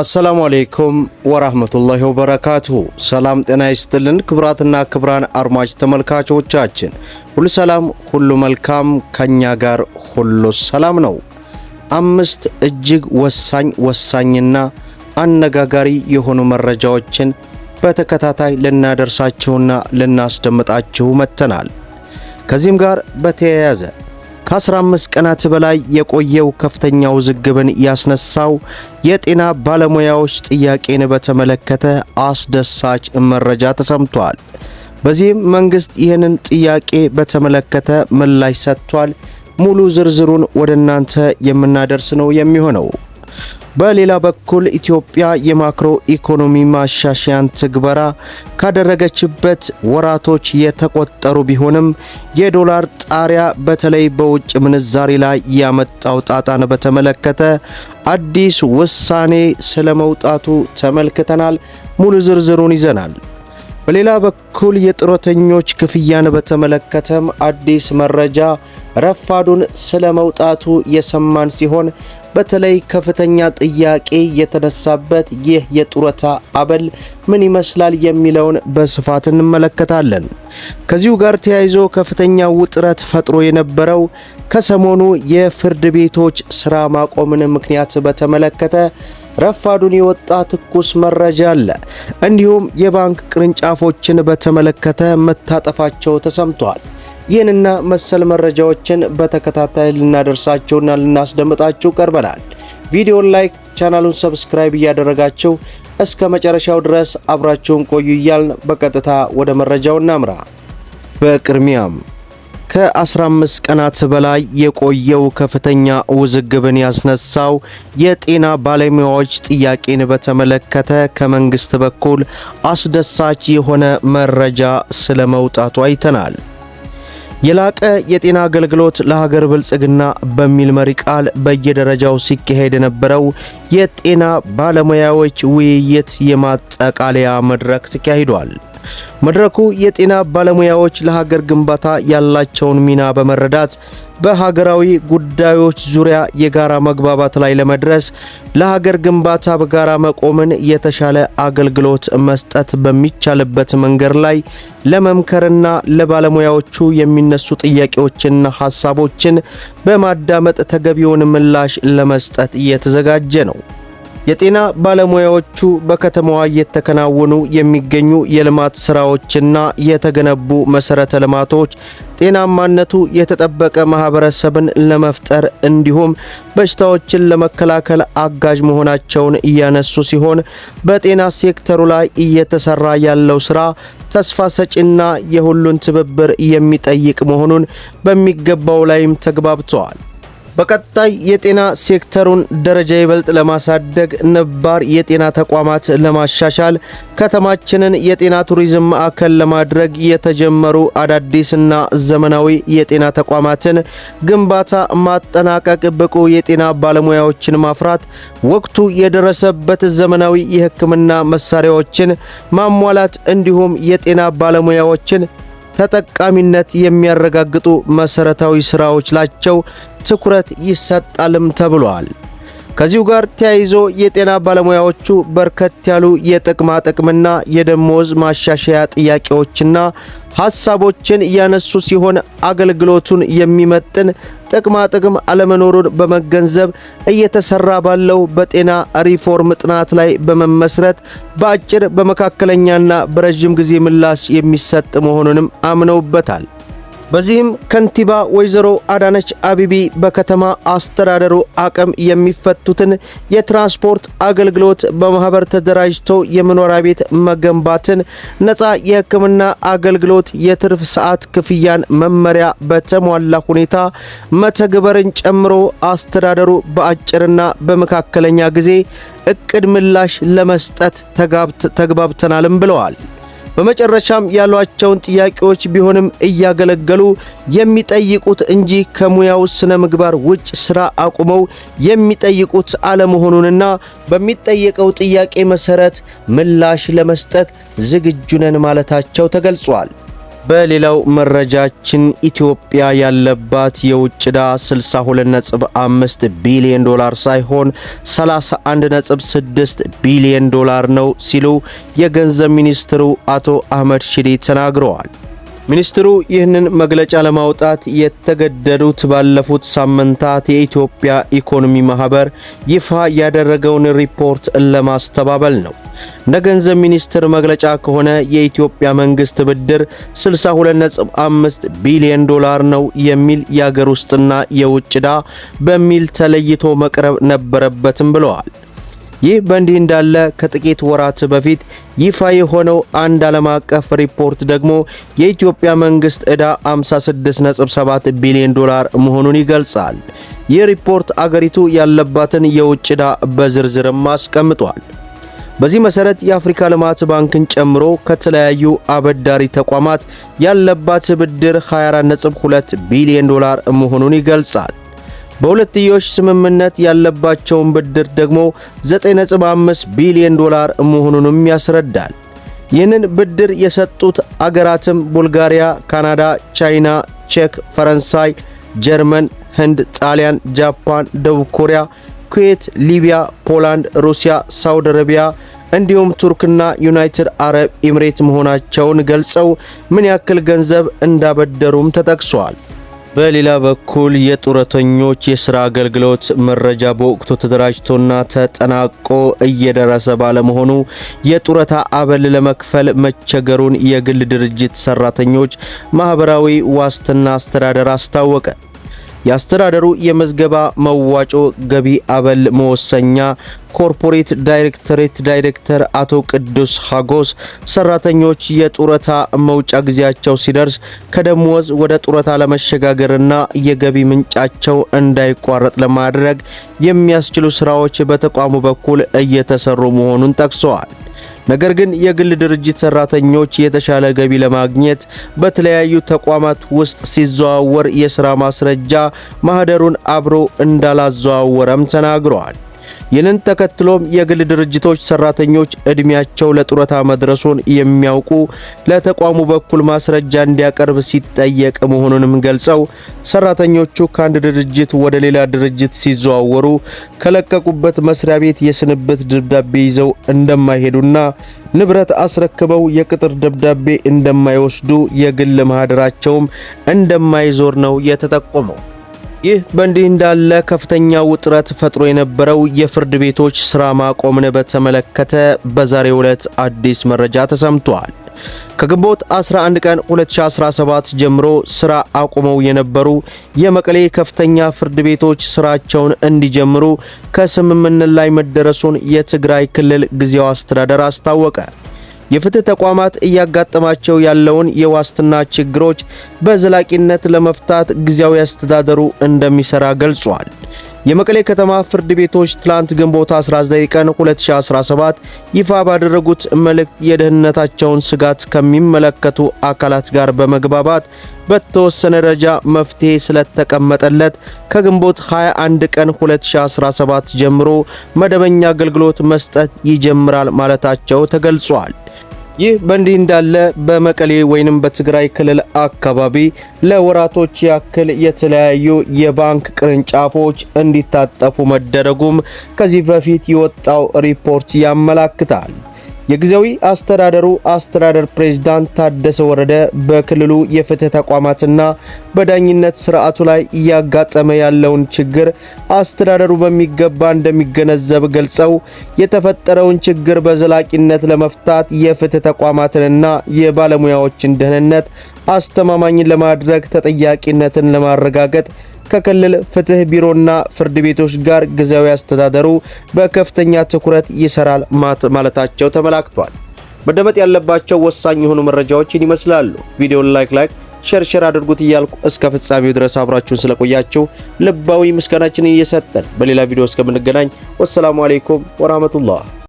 አሰላሙ አሌይኩም ወራህመቱላሂ ወበረካቱሁ። ሰላም ጤና ይስጥልን። ክብራትና ክብራን አድማጭ ተመልካቾቻችን ሁሉ ሰላም፣ ሁሉ መልካም፣ ከኛ ጋር ሁሉ ሰላም ነው። አምስት እጅግ ወሳኝ ወሳኝና አነጋጋሪ የሆኑ መረጃዎችን በተከታታይ ልናደርሳችሁና ልናስደምጣችሁ መጥተናል። ከዚህም ጋር በተያያዘ ከ15 ቀናት በላይ የቆየው ከፍተኛ ውዝግብን ያስነሳው የጤና ባለሙያዎች ጥያቄን በተመለከተ አስደሳች መረጃ ተሰምቷል። በዚህም መንግስት ይህንን ጥያቄ በተመለከተ ምላሽ ሰጥቷል። ሙሉ ዝርዝሩን ወደ እናንተ የምናደርስ ነው የሚሆነው። በሌላ በኩል ኢትዮጵያ የማክሮ ኢኮኖሚ ማሻሻያን ትግበራ ካደረገችበት ወራቶች የተቆጠሩ ቢሆንም የዶላር ጣሪያ በተለይ በውጭ ምንዛሪ ላይ ያመጣው ጣጣን በተመለከተ አዲስ ውሳኔ ስለመውጣቱ ተመልክተናል። ሙሉ ዝርዝሩን ይዘናል። በሌላ በኩል የጡረተኞች ክፍያን በተመለከተም አዲስ መረጃ ረፋዱን ስለ መውጣቱ የሰማን ሲሆን በተለይ ከፍተኛ ጥያቄ የተነሳበት ይህ የጡረታ አበል ምን ይመስላል የሚለውን በስፋት እንመለከታለን። ከዚሁ ጋር ተያይዞ ከፍተኛ ውጥረት ፈጥሮ የነበረው ከሰሞኑ የፍርድ ቤቶች ስራ ማቆምን ምክንያት በተመለከተ ረፋዱን የወጣ ትኩስ መረጃ አለ። እንዲሁም የባንክ ቅርንጫፎችን በተመለከተ መታጠፋቸው ተሰምቷል። ይህንና መሰል መረጃዎችን በተከታታይ ልናደርሳቸውና ልናስደምጣችሁ ቀርበናል። ቪዲዮን ላይክ፣ ቻናሉን ሰብስክራይብ እያደረጋችሁ እስከ መጨረሻው ድረስ አብራችሁን ቆዩ እያልን በቀጥታ ወደ መረጃው እናምራ። በቅድሚያም ከ15 ቀናት በላይ የቆየው ከፍተኛ ውዝግብን ያስነሳው የጤና ባለሙያዎች ጥያቄን በተመለከተ ከመንግስት በኩል አስደሳች የሆነ መረጃ ስለመውጣቱ አይተናል። የላቀ የጤና አገልግሎት ለሀገር ብልጽግና በሚል መሪ ቃል በየደረጃው ሲካሄድ የነበረው የጤና ባለሙያዎች ውይይት የማጠቃለያ መድረክ ተካሂዷል። መድረኩ የጤና ባለሙያዎች ለሀገር ግንባታ ያላቸውን ሚና በመረዳት በሀገራዊ ጉዳዮች ዙሪያ የጋራ መግባባት ላይ ለመድረስ ለሀገር ግንባታ በጋራ መቆምን የተሻለ አገልግሎት መስጠት በሚቻልበት መንገድ ላይ ለመምከርና ለባለሙያዎቹ የሚነሱ ጥያቄዎችና ሀሳቦችን በማዳመጥ ተገቢውን ምላሽ ለመስጠት እየተዘጋጀ ነው። የጤና ባለሙያዎቹ በከተማዋ እየተከናወኑ የሚገኙ የልማት ስራዎችና የተገነቡ መሰረተ ልማቶች ጤናማነቱ የተጠበቀ ማህበረሰብን ለመፍጠር እንዲሁም በሽታዎችን ለመከላከል አጋዥ መሆናቸውን እያነሱ ሲሆን በጤና ሴክተሩ ላይ እየተሰራ ያለው ስራ ተስፋ ሰጪና የሁሉን ትብብር የሚጠይቅ መሆኑን በሚገባው ላይም ተግባብተዋል። በቀጣይ የጤና ሴክተሩን ደረጃ ይበልጥ ለማሳደግ ነባር የጤና ተቋማት ለማሻሻል ከተማችንን የጤና ቱሪዝም ማዕከል ለማድረግ የተጀመሩ አዳዲስና ዘመናዊ የጤና ተቋማትን ግንባታ ማጠናቀቅ፣ ብቁ የጤና ባለሙያዎችን ማፍራት፣ ወቅቱ የደረሰበት ዘመናዊ የሕክምና መሳሪያዎችን ማሟላት እንዲሁም የጤና ባለሙያዎችን ተጠቃሚነት የሚያረጋግጡ መሰረታዊ ስራዎች ናቸው። ትኩረት ይሰጣልም ተብሏል። ከዚሁ ጋር ተያይዞ የጤና ባለሙያዎቹ በርከት ያሉ የጥቅማ ጥቅምና የደሞዝ ማሻሻያ ጥያቄዎችና ሐሳቦችን ያነሱ ሲሆን አገልግሎቱን የሚመጥን ጥቅማ ጥቅም አለመኖሩን በመገንዘብ እየተሰራ ባለው በጤና ሪፎርም ጥናት ላይ በመመስረት በአጭር በመካከለኛና በረዥም ጊዜ ምላሽ የሚሰጥ መሆኑንም አምነውበታል። በዚህም ከንቲባ ወይዘሮ አዳነች አቢቢ በከተማ አስተዳደሩ አቅም የሚፈቱትን የትራንስፖርት አገልግሎት በማህበር ተደራጅቶ የመኖሪያ ቤት መገንባትን፣ ነፃ የሕክምና አገልግሎት፣ የትርፍ ሰዓት ክፍያን መመሪያ በተሟላ ሁኔታ መተግበርን ጨምሮ አስተዳደሩ በአጭርና በመካከለኛ ጊዜ እቅድ ምላሽ ለመስጠት ተግባብተናልም ብለዋል። በመጨረሻም ያሏቸውን ጥያቄዎች ቢሆንም እያገለገሉ የሚጠይቁት እንጂ ከሙያው ስነ ምግባር ውጭ ስራ አቁመው የሚጠይቁት አለመሆኑንና በሚጠየቀው ጥያቄ መሰረት ምላሽ ለመስጠት ዝግጁ ነን ማለታቸው ተገልጿል። በሌላው መረጃችን ኢትዮጵያ ያለባት የውጭ ዕዳ 62.5 ቢሊዮን ዶላር ሳይሆን 31.6 ቢሊዮን ዶላር ነው ሲሉ የገንዘብ ሚኒስትሩ አቶ አህመድ ሽዴ ተናግረዋል። ሚኒስትሩ ይህንን መግለጫ ለማውጣት የተገደዱት ባለፉት ሳምንታት የኢትዮጵያ ኢኮኖሚ ማህበር ይፋ ያደረገውን ሪፖርት ለማስተባበል ነው። እንደ ገንዘብ ሚኒስቴር መግለጫ ከሆነ የኢትዮጵያ መንግስት ብድር 62.5 ቢሊዮን ዶላር ነው የሚል የአገር ውስጥና የውጭ ዕዳ በሚል ተለይቶ መቅረብ ነበረበትም ብለዋል። ይህ በእንዲህ እንዳለ ከጥቂት ወራት በፊት ይፋ የሆነው አንድ ዓለም አቀፍ ሪፖርት ደግሞ የኢትዮጵያ መንግስት ዕዳ 56.7 ቢሊዮን ዶላር መሆኑን ይገልጻል። ይህ ሪፖርት አገሪቱ ያለባትን የውጭ ዕዳ በዝርዝርም አስቀምጧል። በዚህ መሰረት የአፍሪካ ልማት ባንክን ጨምሮ ከተለያዩ አበዳሪ ተቋማት ያለባት ብድር 24.2 ቢሊዮን ዶላር መሆኑን ይገልጻል። በሁለትዮሽ ስምምነት ያለባቸውን ብድር ደግሞ 9.5 ቢሊዮን ዶላር መሆኑንም ያስረዳል። ይህንን ብድር የሰጡት አገራትም ቡልጋሪያ፣ ካናዳ፣ ቻይና፣ ቼክ፣ ፈረንሳይ፣ ጀርመን፣ ህንድ፣ ጣሊያን፣ ጃፓን፣ ደቡብ ኮሪያ፣ ኩዌት፣ ሊቢያ፣ ፖላንድ፣ ሩሲያ፣ ሳውዲ አረቢያ እንዲሁም ቱርክና ዩናይትድ አረብ ኤምሬት መሆናቸውን ገልጸው ምን ያክል ገንዘብ እንዳበደሩም ተጠቅሷል። በሌላ በኩል የጡረተኞች የሥራ አገልግሎት መረጃ በወቅቱ ተደራጅቶና ተጠናቆ እየደረሰ ባለመሆኑ የጡረታ አበል ለመክፈል መቸገሩን የግል ድርጅት ሰራተኞች ማህበራዊ ዋስትና አስተዳደር አስታወቀ። የአስተዳደሩ የመዝገባ መዋጮ ገቢ አበል መወሰኛ ኮርፖሬት ዳይሬክተሬት ዳይሬክተር አቶ ቅዱስ ሀጎስ ሰራተኞች የጡረታ መውጫ ጊዜያቸው ሲደርስ ከደሞዝ ወደ ጡረታ ለመሸጋገርና የገቢ ምንጫቸው እንዳይቋረጥ ለማድረግ የሚያስችሉ ስራዎች በተቋሙ በኩል እየተሰሩ መሆኑን ጠቅሰዋል። ነገር ግን የግል ድርጅት ሰራተኞች የተሻለ ገቢ ለማግኘት በተለያዩ ተቋማት ውስጥ ሲዘዋወር የሥራ ማስረጃ ማህደሩን አብሮ እንዳላዘዋወረም ተናግረዋል። ይህንን ተከትሎም የግል ድርጅቶች ሰራተኞች እድሜያቸው ለጡረታ መድረሱን የሚያውቁ ለተቋሙ በኩል ማስረጃ እንዲያቀርብ ሲጠየቅ መሆኑንም ገልጸው ሰራተኞቹ ከአንድ ድርጅት ወደ ሌላ ድርጅት ሲዘዋወሩ ከለቀቁበት መስሪያ ቤት የስንብት ደብዳቤ ይዘው እንደማይሄዱና ንብረት አስረክበው የቅጥር ደብዳቤ እንደማይወስዱ የግል ማህደራቸውም እንደማይዞር ነው የተጠቆመው። ይህ በእንዲህ እንዳለ ከፍተኛ ውጥረት ፈጥሮ የነበረው የፍርድ ቤቶች ሥራ ማቆምን በተመለከተ በዛሬው ዕለት አዲስ መረጃ ተሰምቷል። ከግንቦት 11 ቀን 2017 ጀምሮ ሥራ አቁመው የነበሩ የመቀሌ ከፍተኛ ፍርድ ቤቶች ስራቸውን እንዲጀምሩ ከስምምነት ላይ መደረሱን የትግራይ ክልል ጊዜያዊ አስተዳደር አስታወቀ። የፍትህ ተቋማት እያጋጠማቸው ያለውን የዋስትና ችግሮች በዘላቂነት ለመፍታት ጊዜያዊ አስተዳደሩ እንደሚሰራ ገልጿል። የመቀሌ ከተማ ፍርድ ቤቶች ትላንት ግንቦት 19 ቀን 2017 ይፋ ባደረጉት መልእክት የደህንነታቸውን ስጋት ከሚመለከቱ አካላት ጋር በመግባባት በተወሰነ ደረጃ መፍትሄ ስለተቀመጠለት ከግንቦት 21 ቀን 2017 ጀምሮ መደበኛ አገልግሎት መስጠት ይጀምራል ማለታቸው ተገልጿል። ይህ በእንዲህ እንዳለ በመቀሌ ወይንም በትግራይ ክልል አካባቢ ለወራቶች ያክል የተለያዩ የባንክ ቅርንጫፎች እንዲታጠፉ መደረጉም ከዚህ በፊት የወጣው ሪፖርት ያመላክታል። የጊዜያዊ አስተዳደሩ አስተዳደር ፕሬዝዳንት ታደሰ ወረደ በክልሉ የፍትህ ተቋማትና በዳኝነት ስርዓቱ ላይ እያጋጠመ ያለውን ችግር አስተዳደሩ በሚገባ እንደሚገነዘብ ገልጸው የተፈጠረውን ችግር በዘላቂነት ለመፍታት የፍትህ ተቋማትንና የባለሙያዎችን ደህንነት አስተማማኝ ለማድረግ ተጠያቂነትን ለማረጋገጥ ከክልል ፍትህ ቢሮና ፍርድ ቤቶች ጋር ጊዜያዊ አስተዳደሩ በከፍተኛ ትኩረት ይሰራል ማለታቸው ተመላክቷል። መደመጥ ያለባቸው ወሳኝ የሆኑ መረጃዎችን ይመስላሉ። ቪዲዮን ላይክ ላይክ ሼር ሼር አድርጉት እያልኩ እስከ ፍጻሜው ድረስ አብራችሁን ስለቆያችሁ ልባዊ ምስጋናችንን እየሰጠን በሌላ ቪዲዮ እስከምንገናኝ ወሰላሙ አሌይኩም ወራህመቱላህ